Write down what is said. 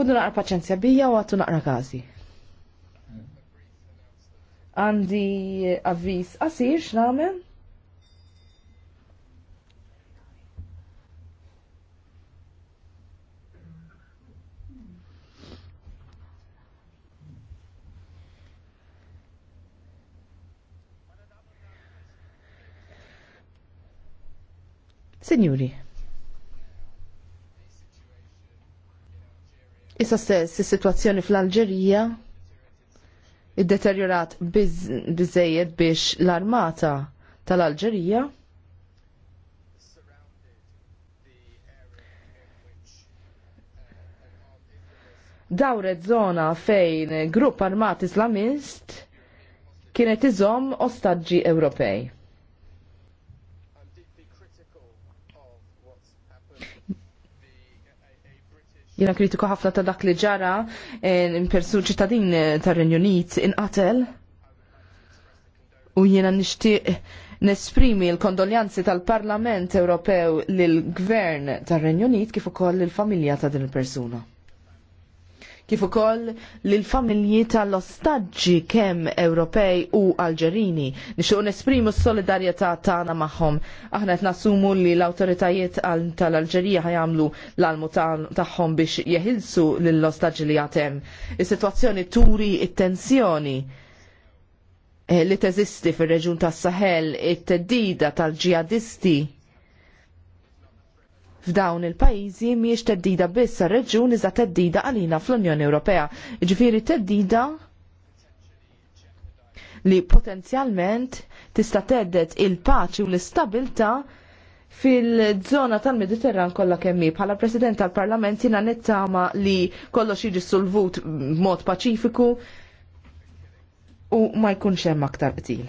Kundu naqra paċenzja bija u għattu naqra kazi. Għandi avvis għasir x'namen? Signori, Issa stess, is-sitwazzjoni fl-Alġerija id-deteriorat bizzejed biex l-armata tal-Alġerija dawret zona fejn grupp armat islamist kienet iżom ostaġġi Ewropej. Jena kritiku ħafna ta' dak li ġara eh, persu ċittadin eh, tar-Renju Unit inqatel u jiena nixtieq nesprimi l-kondoljanzi tal-Parlament Ewropew lill gvern tar-Renju Unit kif ukoll il-familja ta' din il-persuna kif ukoll lil familji tal-ostaġġi kemm Ewropej u Alġerini. Nixtiequ nesprimu s-solidarjetà tagħna magħhom. Aħna qed nassumu li l-awtoritajiet tal-Alġerija ħajamlu l-almu tagħhom biex jeħilsu lill-ostaġġi li għatem. Is-sitwazzjoni turi it-tensjoni eh, li teżisti fir-reġun tas-Saħel, it-teddida tal-ġihadisti f'dawn il-pajjiżi mhijiex teddida biss ar-reġjun iżda teddida għalina fl-Unjoni Ewropea. Ġifieri teddida li potenzjalment tista' teddet il-paċi u l-istabilta fil-żona tal-Mediterran kollha kemm bħala President tal-Parlament jiena nittama li kollox jiġi solvut b'mod paċifiku u ma jkunx hemm aktar qtil.